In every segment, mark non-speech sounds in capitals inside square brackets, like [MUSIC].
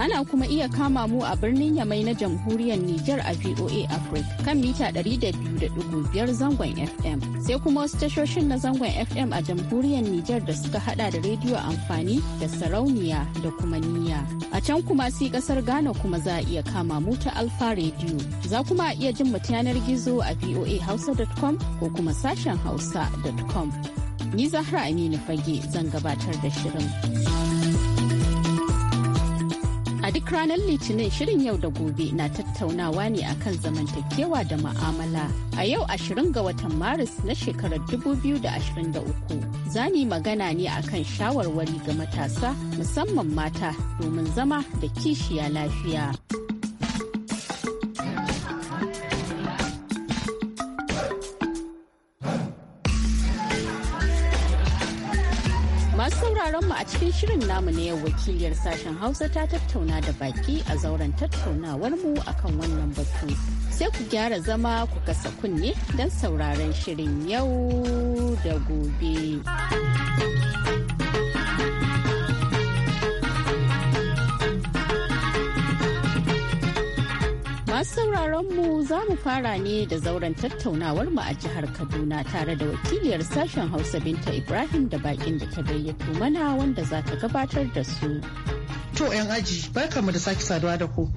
Ana kuma iya kama mu a birnin Yamai na jamhuriyar Nijar a VOA Africa kan mita 200.5 zangon FM. Sai kuma wasu tashoshin na zangon FM a jamhuriyar Nijar da suka hada da rediyo amfani da sarauniya da kuma niya. A can kuma si kasar Ghana kuma za a iya kama mu ta Alfa rediyo Za kuma a iya jin mu yanar gizo a voahausa.com ko kuma sashen hausa.com. Ni Zahra Aminu Fage zan gabatar da shirin. duk ranar Litinin shirin yau da gobe na tattaunawa ne akan zamantakewa da ma'amala. A yau ashirin ga watan Maris na shekarar 2023 zani magana ne akan shawarwari ga matasa musamman mata domin zama da kishiya lafiya. mu a cikin shirin namu na wakiliyar sashen Hausa ta tattauna da baki a zauren tattaunawar mu akan wannan batu. Sai ku gyara zama ku kasa kunne don sauraron shirin yau da gobe. Masu sauraron mu za mu fara ne da zauren tattaunawar mu a jihar Kaduna tare da wakiliyar sashen Hausa Binta Ibrahim da bakin da ta gayyato mana wanda za ta gabatar da su. To 'yan aji barka mu da sake saduwa da ku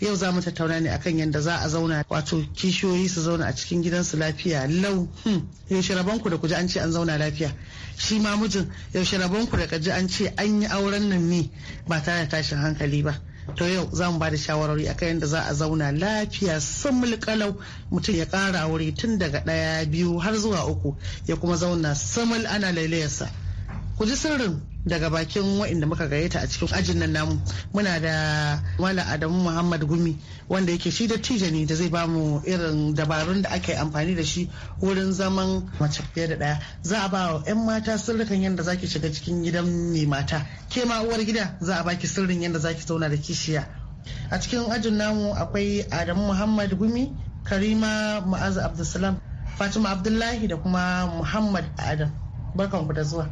yau za mu tattauna ne akan yadda za a zauna wato kishiyoyi su zauna a cikin gidansu lafiya lau hmm, yaushe rabon ku da kuji an ce an zauna lafiya shi ma mijin yaushe rabon ku da kaji an ce an yi auren nan ne ba tare da tashin hankali ba. to yau za mu ba da shawarwari akan yadda za a zauna lafiya sun kalau mutum ya kara wuri tun daga ɗaya biyu har zuwa uku ya kuma zauna simul ana lailayarsa ku ji sirrin daga bakin wa'inda muka gayyata a cikin ajin nan namu muna da mala adamu muhammad gumi wanda yake shi da tijani da zai bamu irin dabarun da aka amfani da shi wurin zaman mace fiye da ɗaya za a ba wa 'yan mata sirrikan yadda zaki shiga cikin gidan mai mata ke ma uwar gida za a baki sirrin yadda zaki zauna da kishiya a cikin ajin namu akwai adamu muhammad gumi karima ma'azu abdulsalam fatima abdullahi da kuma muhammad adam ku da zuwa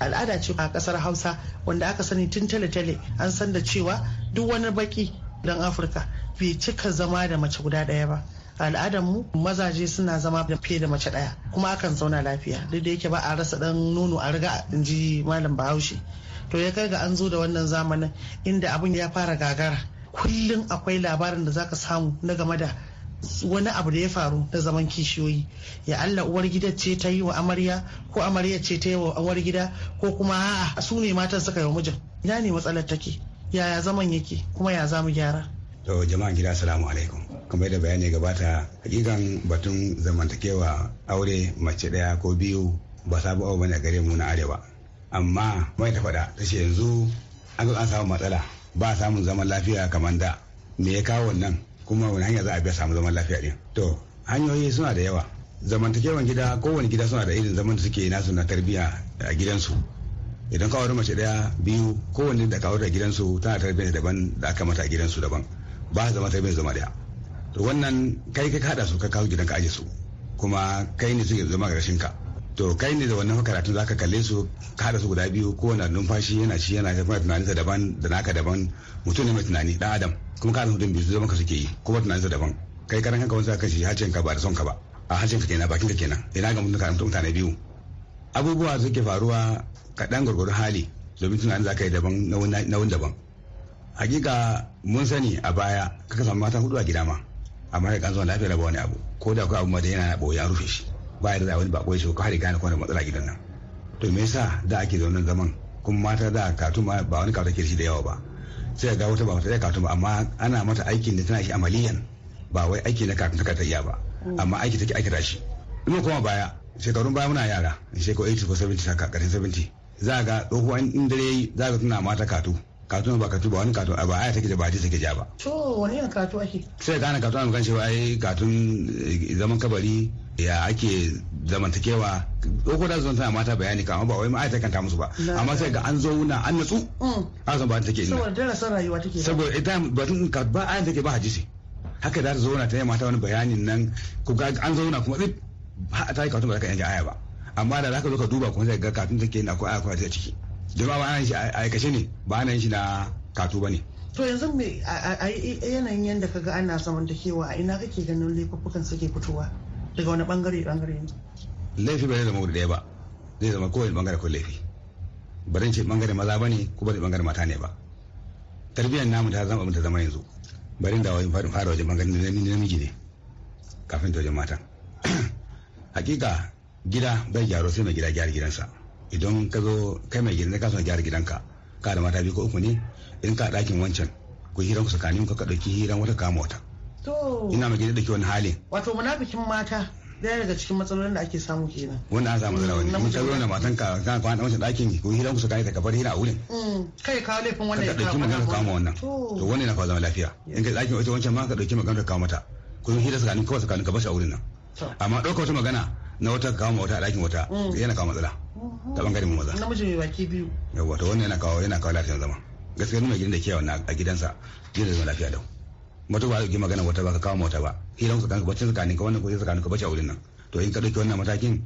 al'ada ce a kasar hausa wanda aka sani tun tale-tale an san da cewa duk wani baki don afirka bai cika zama da mace guda ɗaya ba al'adarmu mazaje suna zama da fiye da mace ɗaya kuma akan zauna lafiya duk da yake ba a rasa ɗan nono a riga in ji malam bahaushe to ya kai ga an zo da wannan zamanin inda abin ya fara gagara kullum akwai labarin da zaka samu na game da wani abu da ya faru na zaman kishiyoyi ya Allah uwar gida ce ta yi wa amarya ko amarya ce ta yi wa uwar gida ko kuma a su ne matan suka yi wa mijin ina ne matsalar take yaya zaman yake kuma ya zamu gyara to jama'an gida assalamu alaikum kuma yadda bayani gabata hakikan batun zamantakewa aure mace daya ko biyu ba sabu abu bane gare mu na arewa amma mai ta faɗa ta yanzu an an samu matsala ba samun zaman lafiya kamar da me ya kawo wannan kuma wani hanya za a biya samu zaman lafiya din to hanyoyi suna da yawa zamantakewan gida kowane gida suna da irin zaman da suke nasu na tarbiyya a gidansu idan kawar mace daya biyu kowane da kawar da gidansu tana tarbiyyar daban da aka mata a gidansu daban ba zama tarbiyyar zama daya to wannan kai ka kada su ka kawo ka aje su kuma kai ne suke zama rashin ka to kai ne da wannan karatun zaka kalle su ka da su guda biyu ko na numfashi yana shi yana kuma sa daban da naka daban mutum ne mai tunani dan adam kuma ka mutum biyu zama ka suke yi kuma tunanin sa daban kai karan kanka wanda ka shi hajjin ka ba da son ka ba a hajjin ka kenan bakin ka kenan ina ga mutum karatun mutane biyu abubuwa suke faruwa kaɗan gwargwaro hali domin tunanin zaka yi daban na wani daban hakika mun sani a baya kaka samu mata hudu a gida ma amma ka kan zuwa lafiya ba wani abu ko da akwai abu ma da yana boye an rufe shi ba da wani bako ya shigo har ya gane da matsala gidan nan to me yasa da ake zaunan zaman kuma mata da ma ba wani ke kirshi da yawa ba sai ga wata ba mata da katu ba amma ana mata aikin da tana shi amaliyan ba wai aiki na katun ta iya ba amma aiki take aiki da shi ina kuma baya shekarun baya muna yara shekaru 80 ko 70 karshen 70 za ga tsohuwa in dare yayi za ga tana mata katu katuna ba katu ba wani katun ba aya take da ba ta take ja ba to wani yana katu ake sai ka ana katu ana kan cewa ai katun eh, zaman kabari ya ake zamantakewa ko da zuwa tana mata bayani kama ba wai ma'aikata kan musu ba amma sai ga an zo wuna an natsu mm. an zan ba ta take ina saboda darasin rayuwa take saboda ita batun ka ba ayan take ba hadisi haka da ta zauna ta mata wani bayanin nan ko ga an zauna kuma tsip ta yi katun ba za ka yanke aya ba amma da za ka zo ka duba kuma sai ga katun take na ko aya ko ta ciki jama'a ba ana shi a aikace ne ba ana yin shi na katu ba ne to yanzu me a yanayin yadda ga ana kewa a ina kake ganin laifukan suke fitowa daga wani bangare bangare ne laifi ba zai zama wuri daya ba zai zama kowane bangare ko laifi ba zan ce bangare maza ba ne ko bari bangare mata ne ba tarbiyyar namu ta zama ta zama yanzu barin da wajen fara wajen bangare namiji ne kafin ta wajen matan [CLEARS THROAT] hakika gida bai gyaro sai mai gida gyara gidansa idan ka zo kai mai gidan ka so gyara gidanka ka da mata biyu ko uku ne in ka dakin wancan ku hiran ku tsakanin ka dauki hiran wata kama wata. ina mai gidan ke wani halin. wato munafikin mata daya daga cikin matsalolin da ake samu kenan. wannan an samu zarawa ne mun taro da matan ka ka kwana wancan dakin ku hiran ku tsakanin ka kafar hira a wurin. Mm. kai ka laifin wannan ya ka dauki magana ka kama wannan to wannan na kawo zama lafiya in ka dakin wata wancan ma ka dauki magana ka kama mata ku hira tsakanin kawai tsakanin ka bashi a wurin nan. amma dauka wata magana na wata kama wata a dakin wata mm. yana kawo matsala. ta bangaren maza namiji mai baki biyu ya to wannan yana kawo yana kawo lafiyar zama gaskiya nuna gidan da ke a gidansa gidan zama lafiya da. mutum ba zai magana wata ba ka kawo mota ba hiran su kanka bacci tsakanin ka wannan ko tsakanin ka bacci a wurin nan to in ka ɗauki wannan matakin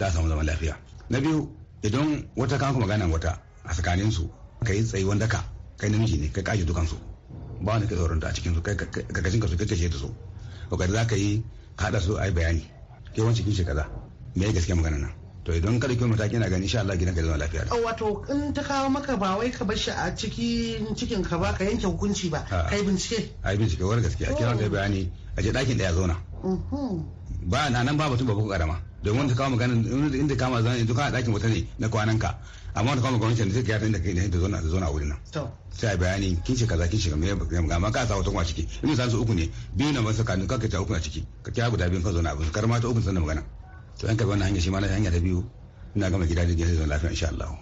za samu zaman lafiya na biyu idan wata kanku magana wata a tsakanin su ka yi tsayi wanda ka kai namiji ne kai kaji dukansu ba wani ka tsoron a cikin su kai kashin ka su kai kashe da su ka za ka yi ka haɗa su a yi bayani ke wancan kin kaza me ya gaskiya magana nan to idan kada kai mataki na gani insha Allah gidan ka zama lafiya oh, wato in ta kawo maka ba wai ka barshi a cikin cikin ka ba ka yanke hukunci ba ah. kai bincike ai bincike war gaskiya a kira da oh. bayani a je dakin da ya zauna mm-hmm. ba na nan ba mutum ba ku karama domin ta kawo magana inda kama zan yanzu k'a dakin wata ne na kwanan ka amma ta kawo magana wancan da take yata inda kai da zauna da zauna wurin nan sai a bayani kin ce kaza kin ce kamar ga ma ka sa wata kuma ciki in misali su uku ne biyu na masu kanu ka ta uku a ciki ka ta guda biyu ka zauna abin karma ta uku sannan magana to an karɓi wannan hanyar shi ma na hanya ta biyu ina gama gida da gidan lafiya insha Allah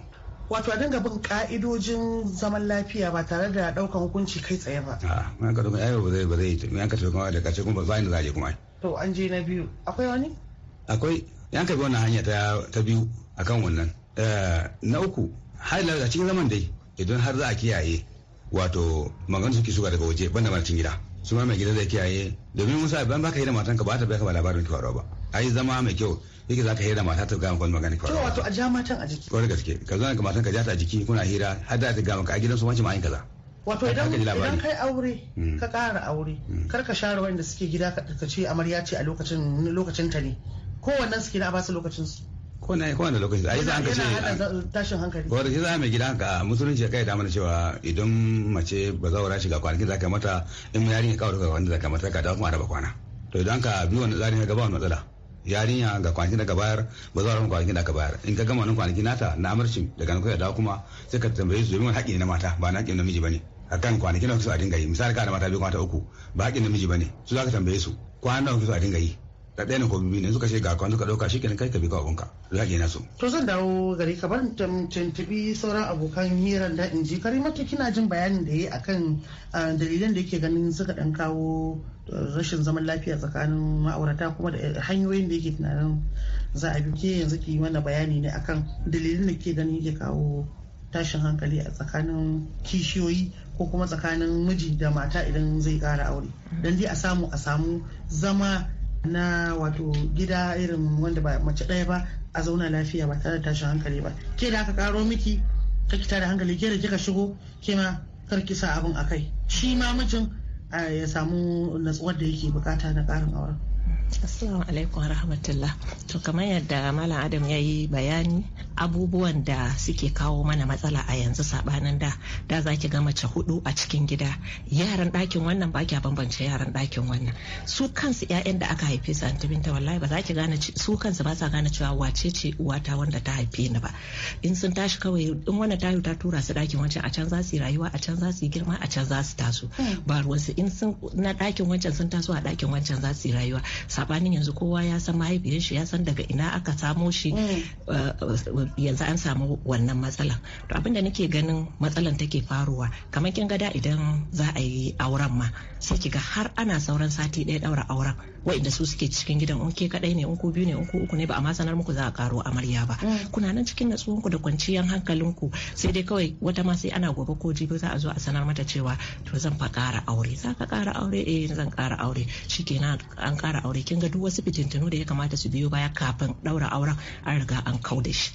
wato a dinga bin ka'idojin zaman lafiya ba tare da daukan hukunci kai tsaye ba a an ka dogon ayyuka ba zai ba zai an ka daukan da kace kuma ba ni za je kuma to an je na biyu akwai wani akwai an ka wannan hanya ta ta biyu akan wannan eh, na uku har da cikin zaman dai idan har za a kiyaye wato maganin suke shuka daga waje banda mara cikin gida su ma mai gida zai kiyaye domin musa ban baka yi da matanka ba ta bai ba labarin tuwarwa ba yi zama mai kyau yake za ka hira mata ta gama kwan magani kwarar wato a ja matan a jiki kwarar gaske ka zo ka matan ka ja ta a jiki kuna hira har da ta gama ka a gidan su wancan ma'ayin kaza wato idan kai aure mm. ka ƙara aure mm. kar ka share wanda suke gida ka ce amarya ce a lokacin lokacin ta ne kowannen suke na ba su lokacin su ko na da lokaci a yi za a kace tashin hankali ko da shi za mai gida ka musulunci kai da mana cewa idan mace ba za shiga kwanakin za ka mata in yarinya kawai ka wanda za ka mata ka dawo kuma araba kwana to idan ka bi wannan tsarin ka ba wani matsala yarinya ga kwanaki da ka bayar ba za a kwanaki da ka bayar in ka gama wani kwanaki nata na amarci daga nan kuka dawo kuma sai ka tambaye su domin haƙƙi ne na mata ba na ba namiji A kan kwanaki na kusa a dinga yi misali ka da mata biyu kwata uku ba miji namiji ne su za ka tambaye su kwanan nawa kusa a dinga yi da ɗaya ne ko biyu ne suka ce ga kwanaki ka ɗauka shi kenan kai ka bi ka abunka su ka na su. to zan dawo gari ka bar tuntubi sauran abokan hirar da in ji karimatu kina jin bayanin da ya akan eh, dalilan da yake ganin suka ɗan kawo rashin zaman lafiya tsakanin ma'aurata kuma da hanyoyin da yake tunanin za a bi ke yanzu ki mana bayani ne akan dalilin da ke ganin yake kawo tashin hankali a tsakanin kishiyoyi ko kuma tsakanin miji da mata idan zai kara aure don dai a samu a samu zama na wato gida irin wanda ba mace ɗaya ba a zauna lafiya ba tare da tashin hankali ba ke da aka karo miki ka kita da hankali ke da kika shigo ke ma ki sa abin a kai shi ma mijin ya samu natsuwar da yake bukata na ƙarin auren Assalamu alaikum rahmatullah. To kamar yadda Malam Adam ya yi bayani abubuwan da suke kawo mana matsala a yanzu sabanin da da za ki ga mace hudu a cikin gida yaran ɗakin wannan ba kya bambance yaran ɗakin wannan su kansu ƴaƴan da aka haife su antibinta wallahi ba za ki gane su kansu ba sa gane cewa wace ce uwata wanda ta haife ni ba in sun tashi kawai in wannan tayo ta tura su ɗakin wancan a can za su yi rayuwa a can za su yi girma a can za su taso hmm. ba ruwansu in sun na ɗakin wancan sun taso a ɗakin wancan za su yi rayuwa sabanin yanzu kowa ya san mahaifiyar shi ya san daga ina aka samo shi mm. eh, yanzu an samu wannan matsalan to abin da nake ganin matsalan take faruwa kamar kin gada idan za a yi auren ma sai ki ga har ana sauran sati ɗaya ɗaura auren wa'inda su suke cikin gidan in ke kadai ne in ku biyu ne in ku uku ne ba a ma sanar muku za a karo amarya ba mm. kuna nan cikin ku da kwanciyar hankalin ku. sai dai kawai wata ma sai ana gobe ko jibi za a zo a sanar mata cewa to zan fa kara aure za ka kara aure eh zan kara aure shikenan an kara aure kin ga duk wasu fitintunu da ya kamata su biyo baya kafin ɗaura auren an riga an kau da shi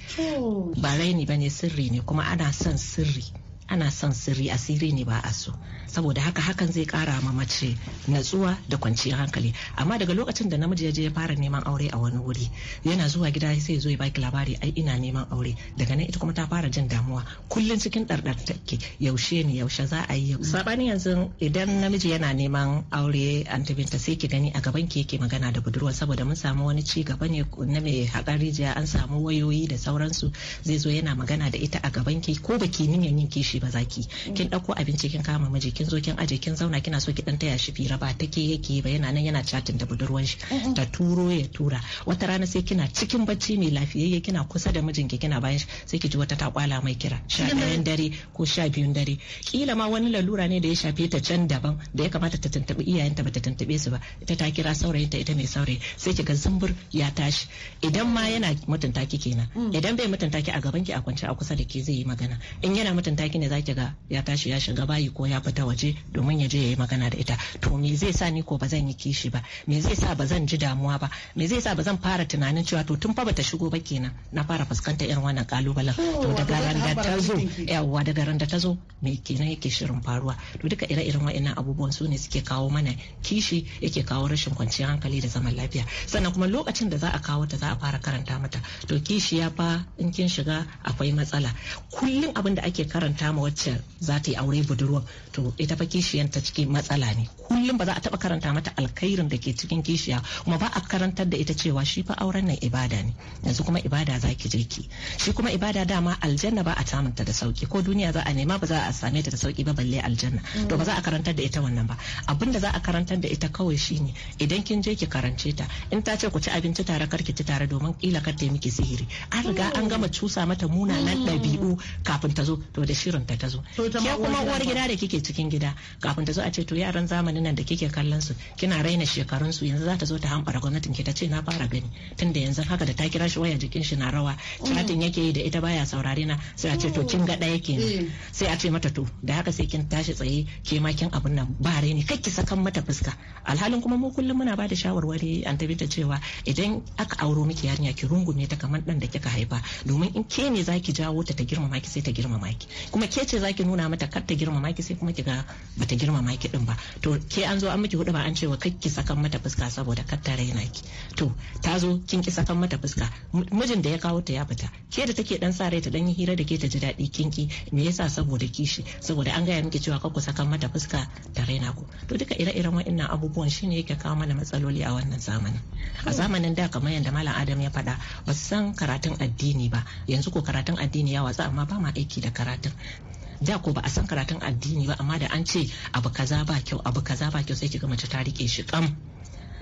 ba raini bane sirri ne kuma ana son sirri ana son sirri asiri ne ba a so saboda haka hakan zai kara ma mace natsuwa da kwanciyar hankali amma daga lokacin da namiji ya je ya fara neman aure a wani wuri yana zuwa gida sai zo ya baki labari ai ina neman aure daga nan ita kuma ta fara jin damuwa kullum cikin dardar take yaushe ne yaushe za a yi yau sabani yanzu idan namiji yana neman aure an antibinta sai ki gani a gaban ki yake magana da budurwa saboda mun samu wani ci gaba ne na mai hakan rijiya an samu wayoyi da sauransu zai zo yana magana da ita a gaban ki ko baki niyan yin kishi shi ba zaki mm. kin dauko abinci kin kama miji kin zo kin aje kin zauna kina so ki dan taya shi fira ba take yake ba yana nan yana chatin da budurwan shi ta turo ya tura wata rana sai kina cikin bacci mai lafiyayye kina kusa da mijin ki kina bayan shi sai ki ji wata ta kwala mai kira sha ɗayan dare ko sha biyun dare kila ma wani lalura ne da ya shafe ta can daban da ya kamata ta tuntuɓi iyayenta ba ta tuntuɓe su ba ita ta kira saurayin ta ita mai saurayi sai ki ga zumbur ya tashi idan ma yana mutunta ki kenan mm. idan bai mutunta ki a gaban ki a kwance a kusa da ke zai yi magana in yana mutunta ki ne ne zaki ga ya tashi ya shiga bayi ko ya fita waje domin ya je ya yi magana da ita to me zai sa ni ko ba zan yi kishi ba me zai sa ba zan ji damuwa ba me zai sa ba zan fara tunanin cewa to tun fa bata shigo ba kenan na fara fuskanta irin wannan kalubalen to oh, daga ran da ta zo yawa daga ran da ta zo me kenan yake shirin faruwa to duka ire irin wa'annan abubuwan su ne suke kawo mana kishi yake kawo rashin kwanciyar hankali da zaman lafiya sannan kuma lokacin da za a kawo ta za a fara karanta mata to kishi ya fa in kin shiga akwai matsala kullum abin da ake karanta ma wacce za ta yi aure budurwa to ita fa kishiyanta cikin matsala ne kullum ba za a taba karanta mata alkhairin da ke cikin kishiya kuma ba a karantar da ita cewa shi fa auren nan ibada ne yanzu kuma ibada za ki je ki shi kuma ibada dama aljanna ba a tamanta da sauki ko duniya za a nema ba za a same ta da sauki ba balle aljanna to ba za a karantar da ita wannan ba abin da za a karantar da ita kawai shi ne idan kin je ki karance ta in ta ce ku ci abinci tare kar ki ci tare domin kila kar ta miki sihiri an riga an gama cusa mata munanan ɗabi'u kafin ta zo to da shirin ta ta zo ke kuma uwar gida da kike cikin gida kafin ta zo a ce to yaran zamani mutanen nan da kike kallon su kina raina shekarun su yanzu za ta zo ta hambara gwamnatin ke ta ce na fara gani tunda yanzu haka da ta kira shi waya jikin shi na rawa chatting yake yi da ita baya saurare na sai a ce to kin ga daya ke mm. sai a ce mata to da haka sai kin tashi tsaye ke ma kin abun nan ba raini kai ki sakan mata fuska alhalin kuma mu kullum muna bada shawarwari an tabbata cewa idan aka auro miki yarinya ki rungume ta kamar dan da kika haifa domin in ke ne zaki jawo ta ta girmama ki sai ta girmama ki kuma ke ce zaki nuna mata kar ta girmama ki sai kuma ki ga bata girmama ki din ba to ke an zo an miki hudu ba an cewa ki sakan mata fuska saboda kar ta raina ki to ta zo kin ki sakan mata fuska mijin da ya kawo ta ya fita ke da take dan sa rai ta dan yi hira da ke ta ji dadi kin ki me yasa saboda kishi saboda an gaya miki cewa kakku sakan mata fuska ta raina ku to duka ire-iren wa'annan abubuwan shine yake kawo mana matsaloli a wannan zamanin a zamanin da kamar yadda malam adam ya faɗa ba su san karatun addini ba yanzu ko karatun addini ya watsa amma ba ma aiki da karatun da ko ba a san karatun addini ba amma da an ce abu kaza ba kyau abu kaza ba kyau sai kiga mace ta rike shi kam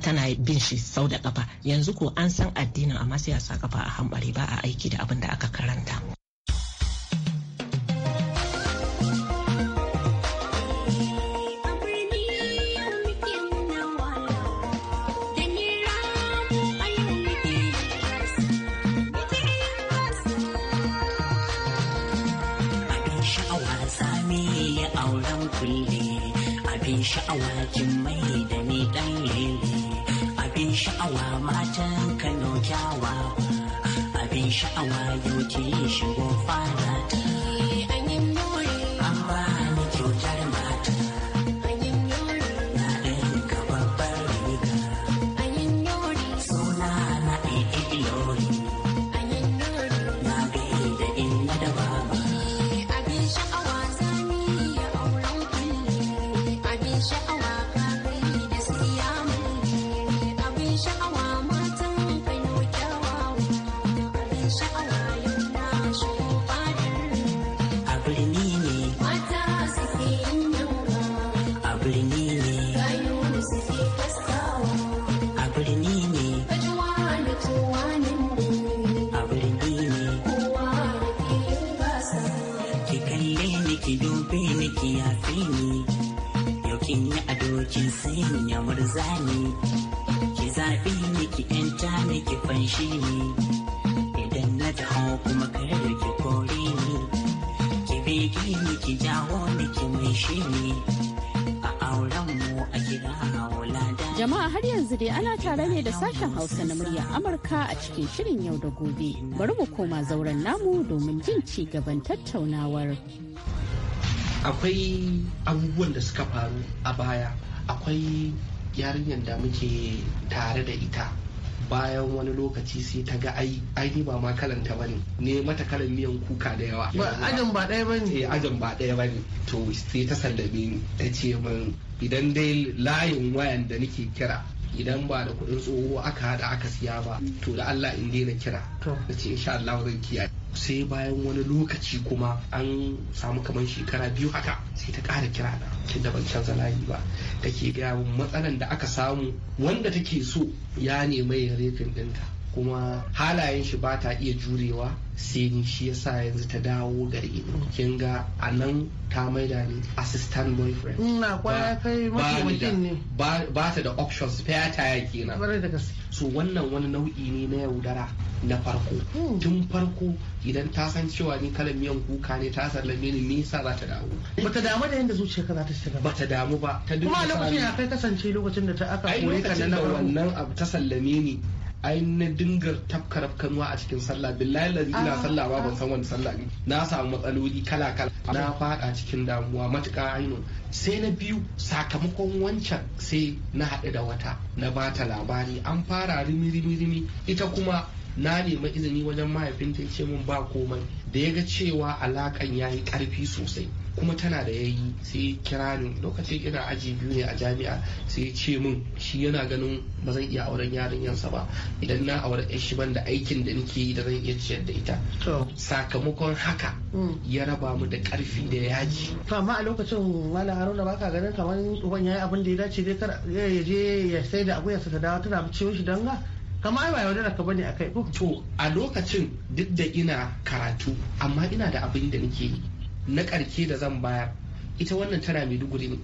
tana bin shi sau da kafa yanzu ko an san addinin amma sai a sa kafa a hambare ba a aiki da abin da aka karanta auren kulle abin sha'awa kin mai da ni dan lele abin sha'awa matan kano kyawawa abin sha'awa yau ki shigo fara ta a birni ne ki kalle ni ki dube ni ki yafe ni yau yi ado kin sani ya murza ni ki zaɓi ni ki yanta ni ki fanshi ni idan na taho kuma kare ki kore ni ki bege ki jawo ni ki ni Jama'a har yanzu dai ana tare ne da sashen Hausa na murya Amurka a cikin shirin yau da gobe. Bari mu koma zauren namu domin jin ci gaban tattaunawar. Akwai abubuwan da suka faru a baya. Akwai yarinyar da muke tare da ita bayan wani lokaci sai ta ga ai Aini ba ma kalanta bane ne mata kalan miyan kuka da yawa ba ajin ba ɗaya bane eh ajin ba ɗaya bane to sai ta sallame ta ce min idan dai layin wayan da nake kira idan ba da kuɗin tsoho aka hada aka siya ba to da Allah in daina kira na ce insha Allah zan kiyaye sai bayan wani lokaci kuma an samu kamar shekara biyu haka sai ta ƙara kira na tunda ban canza layi ba take gaya matsalan da aka samu wanda take so ya nema ya rafin ɗinta kuma halayen shi ba ta iya jurewa sai ni shi yasa yanzu ta dawo gare ni kin ga a nan ta maida ni assistant boyfriend mm, na kwaya kai mataimakin ne ba ta da options spare ya kenan so wannan wani nau'i ne na yaudara na farko mm. tun farko idan ta san cewa ni kalan miyan kuka ne ta sallame ni me yasa za ta dawo bata damu da yadda zuciyarka za ta shiga ta damu ba ta duk kuma lokacin ya kai kasance lokacin da ta aka koyi kan nan wannan abu ta sallame ni ai na dinga tafka a cikin sallah billahi lazi ina ah. sallah ba ban san wani sallah ne na samu matsaloli kala kala na fada cikin damuwa matuƙa ainihin sai na biyu sakamakon wancan sai na haɗu da wata na bata labari an fara rimi rimi rimi ita kuma na nemi izini wajen mahaifinta ya ce min ba komai da ya ga cewa alakan ya yi ƙarfi sosai kuma tana da yayi sai kira ni lokacin ina aji biyu ne a jami'a sai ya ce min shi yana ganin ba zan iya auren yansa ba idan na aure shi ban aikin da nake yi da zan iya ciyar da ita sakamakon haka mm. ya raba mu da karfi da yaji to amma a lokacin wala haruna baka ganin kamar uban yayi abin da ya dace dai kar ya je ya sai da abu sa ta dawo tana ciwon shi danga kamar ba da ka bane akai to a lokacin duk da ina karatu amma ina da abin da nake yi na karke da zan bayar ita wannan tana maiduguri ne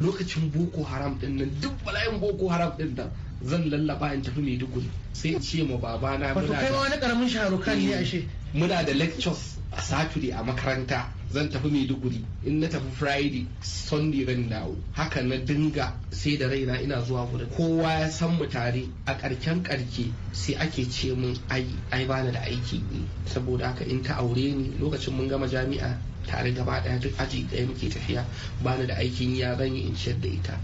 lokacin boko haram din nan duk bala'in boko haram din nan zan lallaba in tafi maiduguri sai in ce ma babana muna da kai wani karamin sharukan ne ashe hmm. muna da lectures a saturday a makaranta zan tafi maiduguri in na tafi friday sunday zan dawo haka na dinga sai da raina ina zuwa wurin kowa ya san mu tare a karken karke sai ake ce mun ai ai bani da aiki ne saboda haka in ta aure ni lokacin mun gama jami'a tare gaba daya duk aji daya muke tafiya ba da aikin ya zan yi in ciyar da ita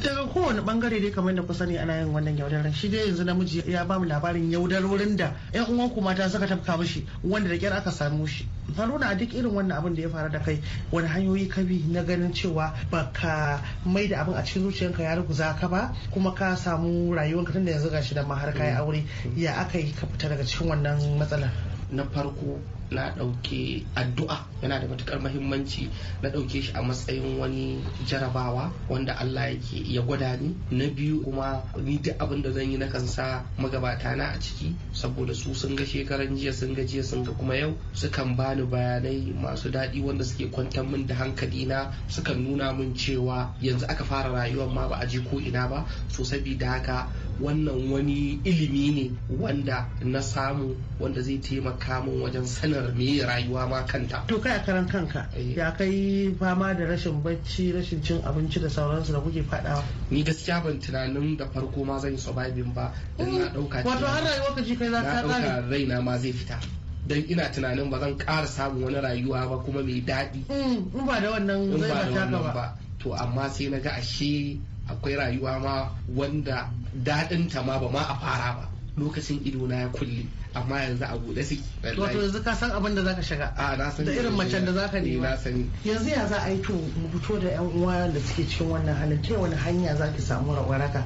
daga kowane bangare dai kamar da ku sani ana yin wannan yaudarar shi dai yanzu namiji ya ba mu labarin yaudarorin da yan uwan ku mata suka tafka mishi wanda da kyar aka samu shi haruna a duk irin wannan abin da ya faru da kai wani hanyoyi ka bi na ganin cewa baka mai da abin a cikin zuciyanka ya ruguza ka ba kuma ka samu rayuwanka tunda yanzu gashi da ma har kai mm. aure ya aka yi ka fita daga cikin wannan matsalar na farko na ɗauke addu'a yana da matukar mahimmanci na ɗauke shi a matsayin wani jarabawa wanda Allah yake ya gwada ni na biyu kuma ni duk abin da zan yi na sa magabata na a ciki saboda su sun ga shekaran jiya sun ga jiya sun ga kuma yau sukan bani bayanai masu daɗi wanda suke kwantar min da hankali na sukan nuna min cewa yanzu aka fara rayuwar ma ba a je ko ina ba so sabida haka wannan wani ilimi ne wanda na samu wanda zai taimaka min wajen sanar me rayuwa ma kanta to kai a karan kanka eh. ya kai fama da rashin bacci rashin cin abinci da sauransu da kuke fadawa. ni gaskiya ban tunanin da farko ma zan yi surviving ba dan na dauka oh, wato har rayuwa ka ji kai za ka dauka raina ma zai fita don ina tunanin ba zan ƙara samun wani rayuwa ba kuma mai daɗi. Hmm, in ba da wannan zai ba ba. To amma sai na ga ashe akwai rayuwa ma wanda daɗinta ma ba ma a fara ba lokacin ido na ya kulle amma yanzu a buɗe suke wato yanzu ka san abin da za ka shiga a na san da irin macen da ka eh, nema yanzu ya za a yi to da yan uwa da suke cikin wannan halin ta wani hanya za ki samu rawaraka?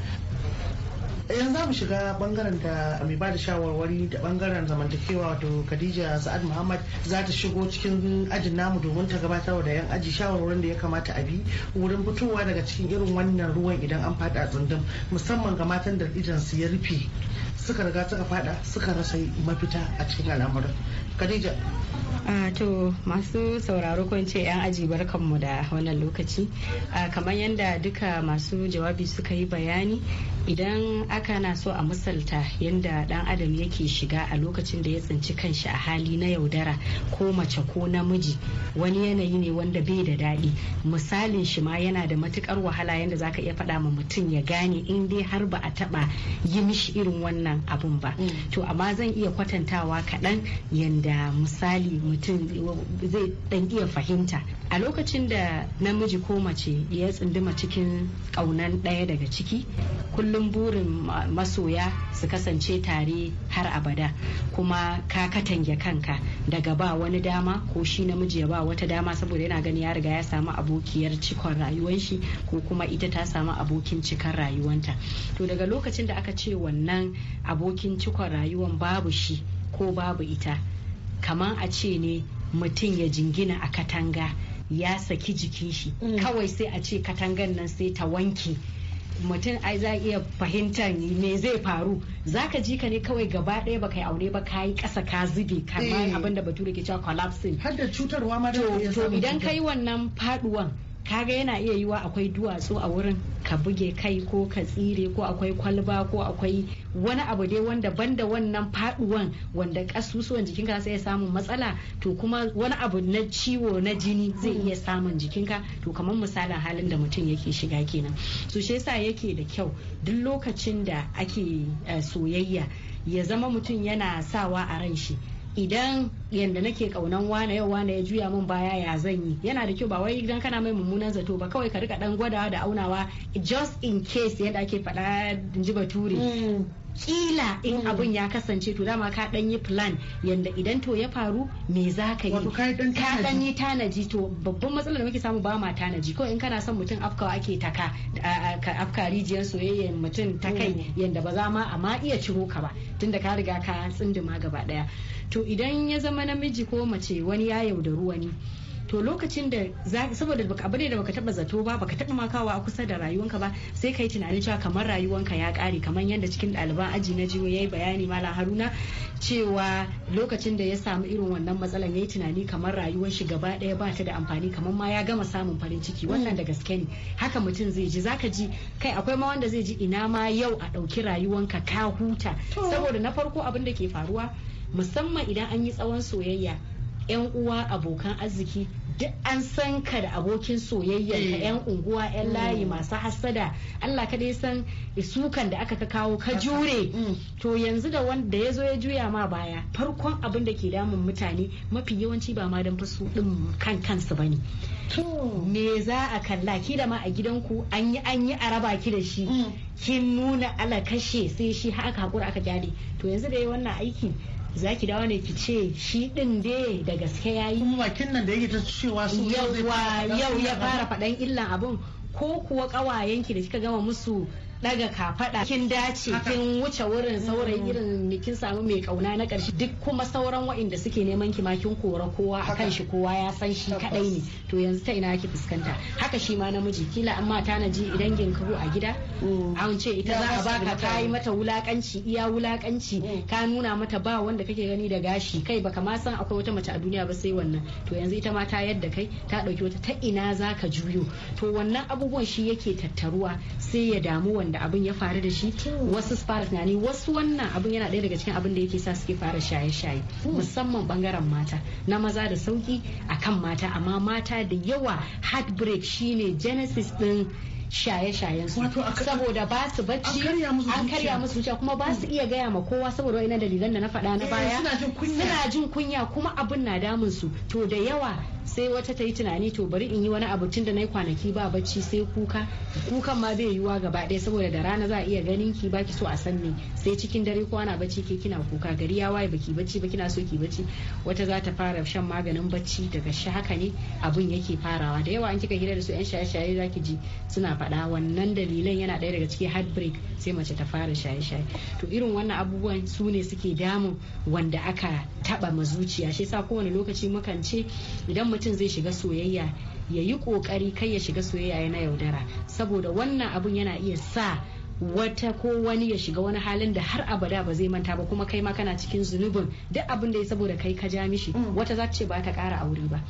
yanzu eh, za mu shiga bangaren da mai ba da shawarwari da bangaren zamantakewa wato khadija sa'ad muhammad za ta shigo cikin ajin namu domin ta gabatar da yan aji shawarwarin da ya kamata a bi wurin fitowa daga cikin irin wannan ruwan idan an fada tsundum musamman ga matan da idan su ya rufe suka riga suka fada suka rasa mafita a cikin al'amarin khadija Uh, to masu sauraro ko ce 'yan aji barkanmu da wannan lokaci uh, kamar yadda duka masu jawabi suka yi bayani idan aka na so a misalta yadda dan adam yake shiga a lokacin da ya tsinci kanshi a hali na yaudara ko mace ko namiji wani yanayi ne wanda bai da daɗi misalin shi ma yana da matukar wahala yadda zaka iya faɗa ma mutum ya gane in dai har ba a taɓa yi mishi irin wannan abun ba mm. to amma zan iya kwatantawa kaɗan yadda misali mutum zai dan iya fahimta a lokacin da namiji ko mace ya tsunduma cikin ƙaunan ɗaya daga ciki kullum burin masoya su kasance tare har abada kuma ka katange kanka daga ba wani dama ko shi namiji ya ba wata dama saboda yana gani ya riga ya samu abokiyar cikon rayuwar shi ko kuma ita ta samu abokin cikar rayuwanta to daga lokacin da aka ce wannan abokin cikon rayuwan babu shi ko babu ita kamar a ce ne mutum ya jingina a katanga ya saki jikin shi mm. kawai sai a ce katangan nan sai ta wanke mutum ai za iya fahimta me zai faru zaka ji ka ne kawai gaba ɗaya baka yi aure ba ka yi ƙasa ka zube kamar eh. abin da bature ke cewa collapsing har da cutarwa ma da to idan ka yi wannan faduwan kaga yana iya yiwa akwai duwatsu a wurin ka buge kai ko ka tsire ko akwai kwalba ko akwai wani abu dai wanda banda wannan faduwan wanda kasusuwan jikinka sai ya samun matsala to kuma wani abu na ciwo na jini zai iya samun jikinka to kamar misalin halin da mutum yake shiga kenan so shi yasa yake da kyau duk lokacin da ake eh, soyayya ya zama mutum yana sawa a ran shi idan yanda nake kaunan wane yau wane ya juya min baya ya zan yi yana da kyau ba wai idan kana mai mummunan zato ba kawai ka rika dan gwadawa da aunawa just in case yadda ake faɗa in ji bature mm. kila in mm. abun ya kasance to dama ka ɗanyi yi plan yanda idan to ya faru me za ka yi ka dan tanaji to babban matsalar da muke samu ba ma tanaji ko in kana son mutum afkawa ake taka afka rijiyar soyayya mutum ta kai mm. yanda ba za ma a ma iya ciro ka ba tunda ka riga ka tsindima gaba ɗaya to idan ya zama namiji ko mace wani ya yaudaru wani to lokacin da saboda baka abu ne da baka taba zato ba baka taba makawa a kusa da rayuwanka ba sai kai tunanin cewa kamar rayuwanka ya kare kamar yadda cikin ɗaliban aji na jiwo yayi bayani mala Haruna cewa lokacin da ya samu irin wannan matsalan yayi tunani kamar rayuwar shi gaba ɗaya ba ta da amfani kamar ma ya gama samun farin ciki mm. wannan da gaske ne haka mutum zai ji zaka ji kai akwai ma wanda zai ji ina ma yau a ɗauki rayuwanka ka huta saboda na farko abin da ke faruwa musamman idan an yi tsawon soyayya 'yan uwa abokan arziki duk an san ka da abokin soyayya ka eh. yan unguwa yan mm. layi masu hasada Allah ka dai san isukan da aka kawo ka jure mm. to yanzu da wanda ya zo ya juya ma baya farkon abin da ke damun mutane mafi yawanci ba ma dan fasu din kan kansu ne me za a kalla ki da ma a gidanku an yi an yi araba ki da shi mm. kin nuna ala kashe sai shi haka hakura aka gyare to yanzu da wannan aiki za ki dawo ne ki ce shi din dai da gaske ya yi Kuma bakin nan da yake ta cewa su yau ya fara faɗan illan abun ko kuwa ƙawayenki da kika gama musu daga kafada kin dace kin wuce wurin saurayi mm. irin kin samu mai kauna na karshe duk kuma sauran wa'inda suke neman ki ma kin kora kowa akan shi kowa ya san shi kadai ne to yanzu ta ina ki fuskanta haka shi ma namiji kila amma ta ji idan ginkuru a gida mm. an ce ita za a baka ka yi mata wulakanci iya wulakanci mm. ka nuna mata ba wanda kake gani da gashi kai baka ma san akwai wata mace a duniya ba sai wannan to yanzu ita ma ta yadda kai ta dauki wata ta ina zaka juyo to wannan abubuwan shi yake tattaruwa sai ya damu wanda abin ya faru da shi wasu su fara tunani wasu wannan abin yana daya daga cikin abin da yake sa suke fara shaye-shaye musamman bangaren mata na maza da sauki akan mata amma mata da yawa heartbreak shine genesis din shaye-shayen su saboda ba su bacci an karya musu zuciya kuma ba su iya gaya ma kowa saboda wa'ina dalilan da na faɗa na eh, baya suna jin kunya kuma abin na damun su to da yawa sai wata ta yi tunani to bari in yi wani abu tun da na yi kwanaki ba bacci sai kuka kukan ma bai yiwuwa gaba ɗaya saboda da rana za a iya ganin ki baki so a san ne sai cikin dare ko ana bacci ke kina kuka gari ya waye baki bacci ba kina so ki bacci wata za ta fara shan maganin bacci daga shi haka ne abun yake farawa da yawa an kika hira da su yan shaye-shaye za ki ji suna faɗa wannan dalilan yana ɗaya daga ciki heartbreak sai mace ta fara shaye-shaye to irin wannan abubuwan su ne suke damun wanda aka taɓa ma zuciya shi yasa kowane lokaci mukan ce idan mutum zai shiga soyayya ya yi kokari kai ya shiga soyayya na yaudara saboda wannan abun yana iya sa wata ko wani ya shiga wani halin da har abada ba zai manta ba kuma kai ma kana cikin zunubin duk abin da ya saboda kai ka ja mishi mm. wata za ce ba ta kara aure ba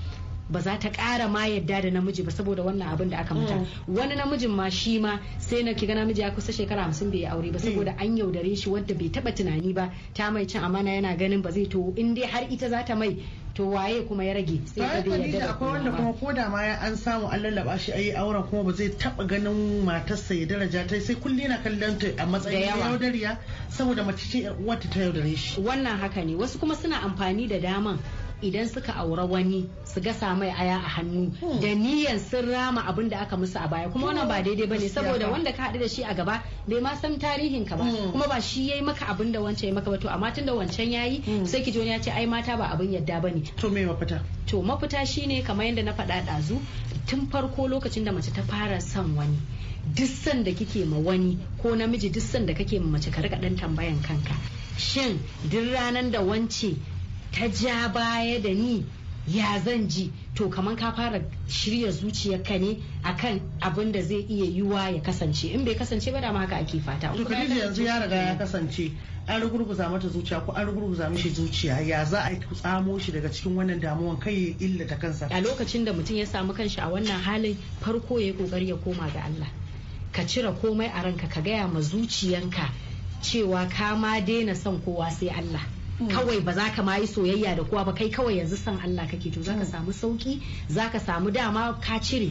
ba za ta kara ma yadda da namiji ba saboda wannan abin da aka mata mm. wani namijin ma shi ma sai na kiga namiji ya kusa shekara hamsin bai aure ba mm. saboda an yaudare shi wadda bai taba tunani ba ta mai cin amana yana ganin ba zai to in dai har ita za ta mai to waye kuma ya rage sai ka zai yadda akwai wanda kuma ko da ma an samu an lallaba shi ayi auren kuma ba zai taba ganin matarsa ya daraja ta sai kulli yana kallon ta a matsayin yaudariya saboda mace ce uwarta ta yaudare shi wannan haka ne wasu kuma suna amfani da daman idan suka aura wani su gasa mai aya a hannu hmm. da niyan sun rama abin da aka musu a baya kuma wannan ba hmm. daidai bane saboda wanda ka haɗu da shi a gaba bai ma san tarihin ka ba hmm. kuma ba shi yayi maka abin da wancan ya maka ba to amma tunda wancan yayi sai ki ya ce ai mata ba abin yadda bane to me mafita to mafita shine kamar yadda na faɗa ɗazu tun farko lokacin da mace ta fara son wani duk da kike ma wani ko namiji duk sanda kake ma mace ka rika dan tambayan kanka shin duk ranan da wance ta ja baya da ni ya zan ji to kamar ka fara shirya ka ne akan abin da zai iya yiwa ya kasance in bai kasance ba da haka ake fata to kadija yanzu ya riga ya kasance an rugurguza mata zuciya ko an rugurguza mishi zuciya ya za a tsamo shi daga cikin wannan damuwan kai ya illata kansa a lokacin da mutum ya samu kanshi a wannan halin farko ya yi kokari ya koma ga Allah ka cire komai a ranka ka gaya ma zuciyanka cewa ka ma daina son kowa sai Allah Mm. kawai ba za ka ma yi soyayya da kowa ba kai kawai yanzu san Allah kake to zaka mm. samu sauki zaka samu dama ka cire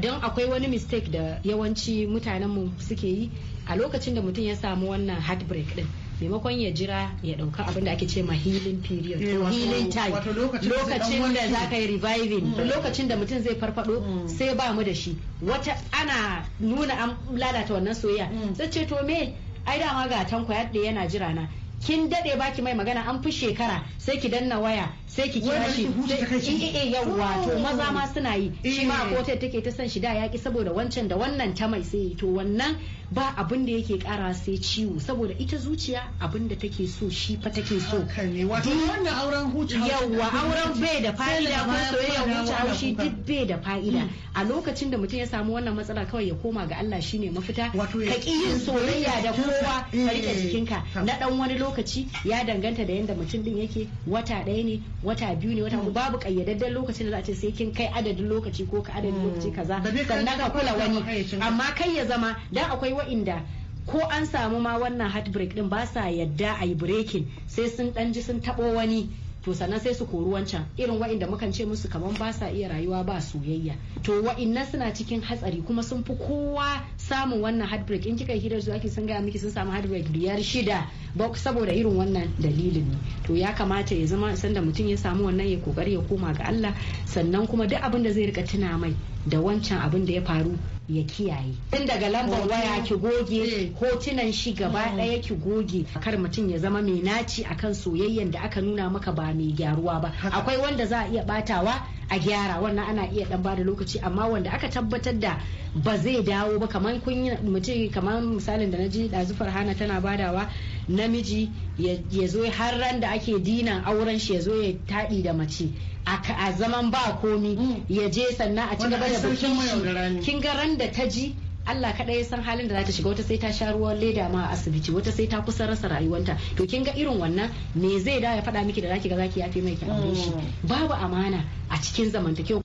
don akwai wani mistake da yawanci mutanenmu suke yi a lokacin da mutum ya samu wannan heartbreak din maimakon ya jira ya dauka abin da ake ce ma healing period ko eh, healing time lokacin da za ka yi reviving mm. lokacin da mutum zai farfado sai ba mu da shi wata ana nuna an lalata wannan soyayya sai ce to me ai dama ga tanko yadda yana jira na kin dade baki mai magana an fi shekara sai ki danna waya sai ki kira shi in eh, eh, eh yawa to oh. maza ma suna yi shi ma eh. ko take ta san shi da yaki saboda wancan da wannan ta mai sai to wannan ba abin da yake kara sai ciwo saboda ita zuciya abin da take so shi fa take so wannan auren yawa auren bai da fa'ida ko soyayya huce haushi duk bai da fa'ida mm. a lokacin da mutum ya samu wannan matsala kawai ya koma ga Allah shine mafita ka ki yin soyayya da kowa ka rike eh, jikinka eh, eh. na dan wani lokaci ya danganta da yanda mutum din yake wata ɗaya ne wata biyu ne wata mm. babu kayyadadden lokacin da za a ce sai kin kai adadin lokaci ko ka adadin mm. lokaci kaza sannan ka kula wani amma kai ya zama dan akwai wa'inda ko an samu ma wannan heartbreak din ba sa yadda a yi breaking sai sun dan ji sun tabo wani to sannan sai su kori wancan irin wa'inda mukan ce musu kaman ba sa iya rayuwa ba soyayya to wa'innan suna cikin hatsari kuma sun fi kowa samun wannan heartbreak in kika hira su ake sun gaya miki sun samu heartbreak biyar shida saboda irin wannan dalilin ne to ya kamata ya zama sanda mutum ya samu wannan ya kokari ya koma ga Allah sannan kuma duk abin da zai rika tuna mai da wancan abin da ya faru ya kiyaye tun daga lambar waya ki goge eh. hotunan shi gaba daya ki goge kar mutum ya zama mai naci akan soyayyen da aka nuna maka ba mai gyaruwa ba akwai wanda za a iya batawa a gyara wannan ana iya dan da lokaci amma wanda aka tabbatar da ba zai dawo ba kamar kamar kun yi mace kamar misalin da na ji ɗazu farhana tana badawa namiji ya zo har ran da ake dinan auren shi ya zo ya taɗi da mace a zaman ba komi mm. ya je sannan a ci gaba da kin ga ran da ta ji Allah kaɗai ya san halin da za ta shiga wata sai ta sha ruwan leda ma a asibiti wata sai ta kusa rasa rayuwanta to kin ga irin wannan me zai da ya faɗa miki da zaki ga zaki fi mai ki mm. babu amana a cikin zamantakewa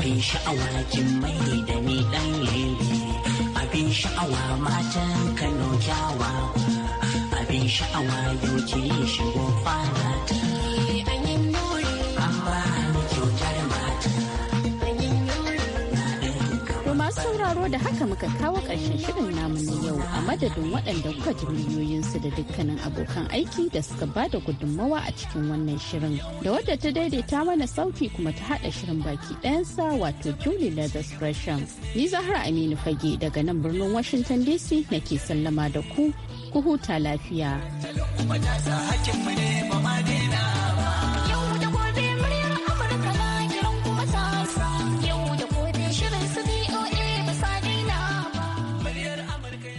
abin sha'awa kin mai da ni dan lele abin sha'awa matan kano kyawawa abin sha'awa yau ke shigo fara ta sauraro da haka muka kawo ƙarshen shirin namu na yau a madadin waɗanda kuka ji miliyoyinsu da dukkanin abokan aiki da suka ba da gudunmawa a cikin wannan shirin da wadda ta daidaita mana sauti kuma ta haɗa shirin baki ɗayansa wato Julie Leathers Gresham. Ni Zahra Aminu Fage daga nan birnin Washington DC nake sallama da ku, ku huta lafiya.